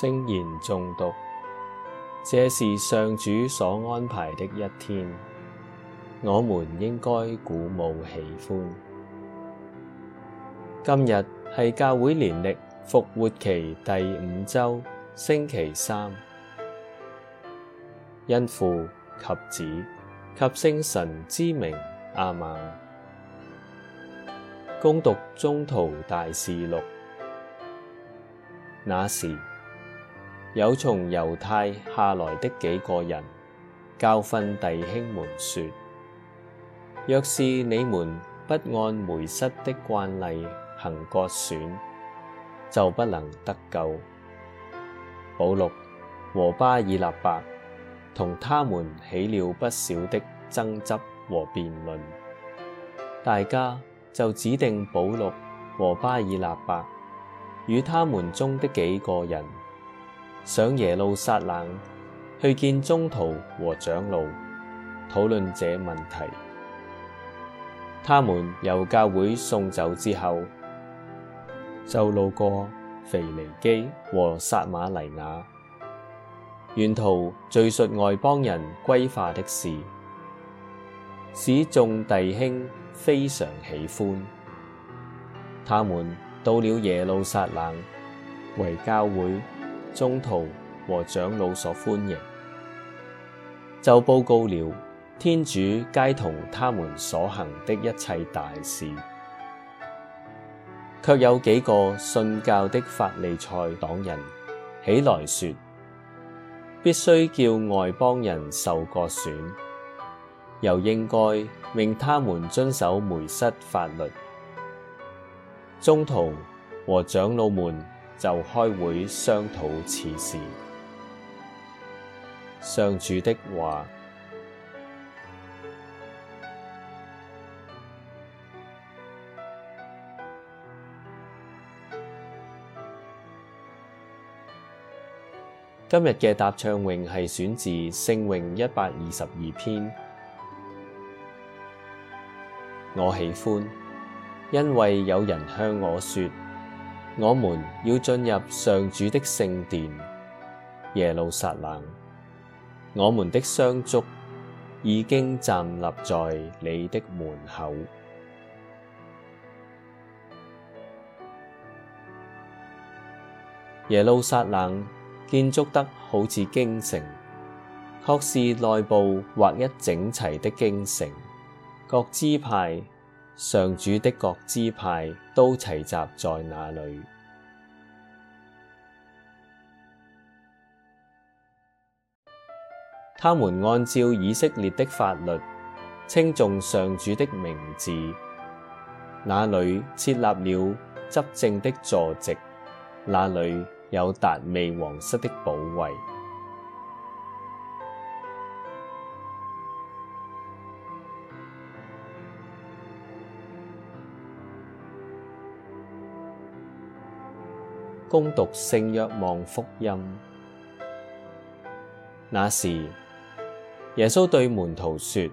聖言誦讀，這是上主所安排的一天，我們應該鼓舞喜歡。今日係教會年曆復活期第五周星期三，因父及子及聖神之名阿們，恭讀《宗徒大事錄》，那時。有從猶太下來的幾個人教訓弟兄們，說：若是你們不按梅瑟的慣例行割損，就不能得救。保祿和巴爾納伯同他們起了不少的爭執和辯論，大家就指定保祿和巴爾納伯與他們中的幾個人。上耶路撒冷去見宗徒和長老，討論這問題。他們由教會送走之後，就路過腓尼基和撒瑪黎雅，沿途敘述外邦人歸化的事，使眾弟兄非常喜歡。他們到了耶路撒冷，為教會。宗徒和長老所歡迎，就報告了天主，偕同他們所行的一切大事。卻有幾個信教的法利賽黨人起來說，必須叫外邦人受割損，又應該命他們遵守梅瑟法律。宗徒和長老們。就開會商討此事。上主的話，今日嘅答唱詠係選自聖詠一百二十二篇。我喜歡，因為有人向我說。我們要進入上主的聖殿！耶路撒冷！我們的雙足已經站立在你的門口。耶路撒冷建築得好似京城，確是內部劃一整齊的京城。各支派。上主的各支派都齊集在那裏，他們按照以色列的法律稱頌上主的名字。那裏設立了執政的座席，那裏有達味王室的寶位。恭讀聖若望福音。那時，耶穌對門徒說：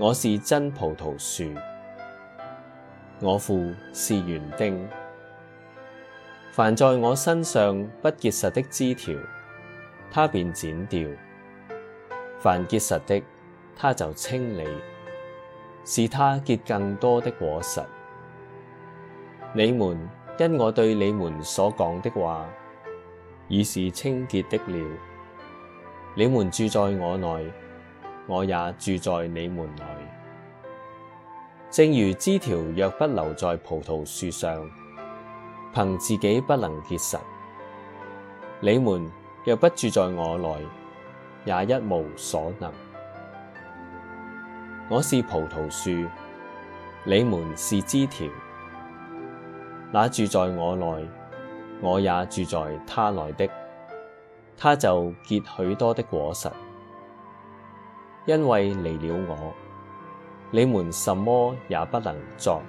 我是真葡萄樹，我父是園丁。凡在我身上不結實的枝條，他便剪掉；凡結實的，他就清理，使他結更多的果實。你們。因我對你們所講的話已是清潔的了，你們住在我內，我也住在你們內。正如枝條若不留在葡萄樹上，憑自己不能結實；你們若不住在我內，也一無所能。我是葡萄樹，你們是枝條。那住在我內，我也住在他內的，他就結許多的果實。因為離了我，你們什麼也不能作。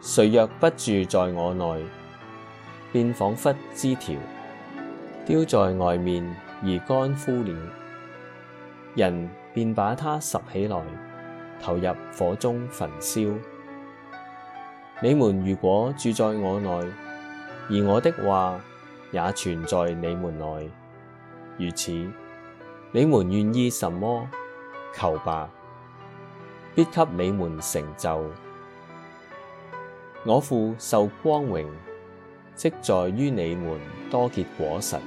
誰若不住在我內，便仿佛枝條，丟在外面而乾枯了，人便把它拾起來，投入火中焚燒。你們如果住在我內，而我的話也存在你們內，如此，你們願意什麼，求吧，必給你們成就。我父受光榮，即在於你們多結果實，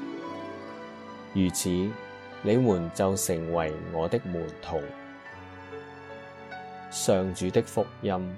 如此，你們就成為我的門徒。上主的福音。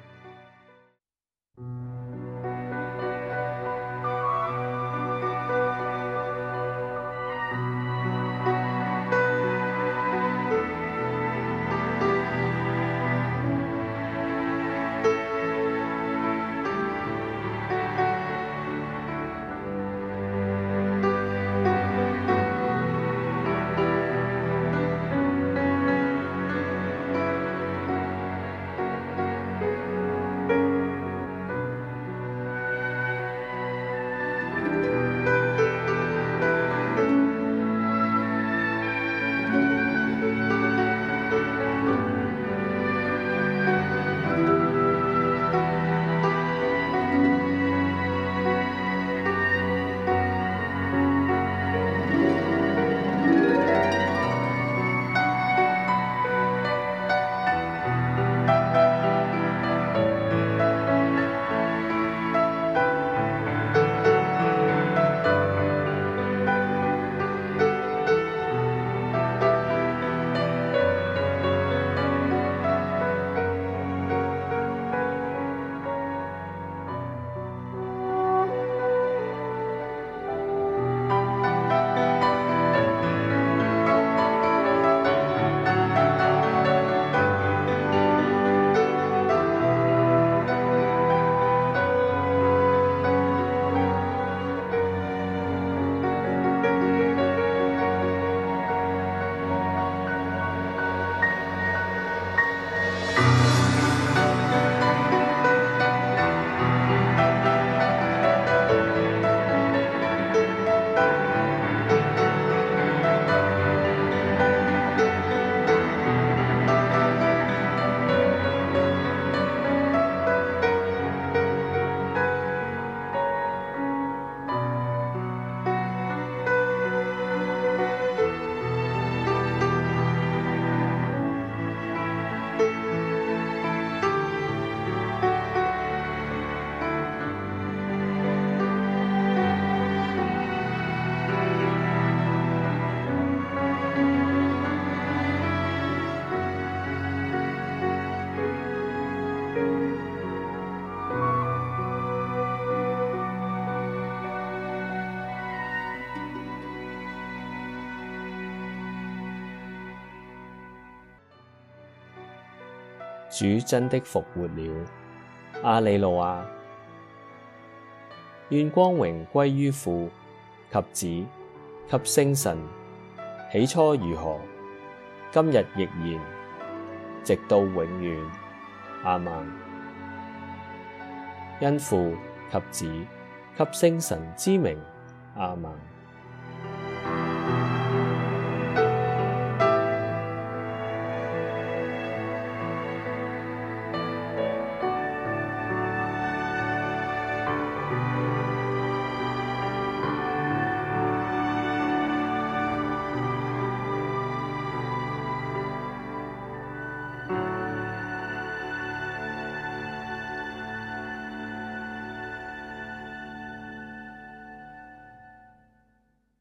主真的復活了，阿里路亞、啊！願光榮歸於父及子及聖神，起初如何，今日亦然，直到永遠，阿們。因父及子及聖神之名，阿們。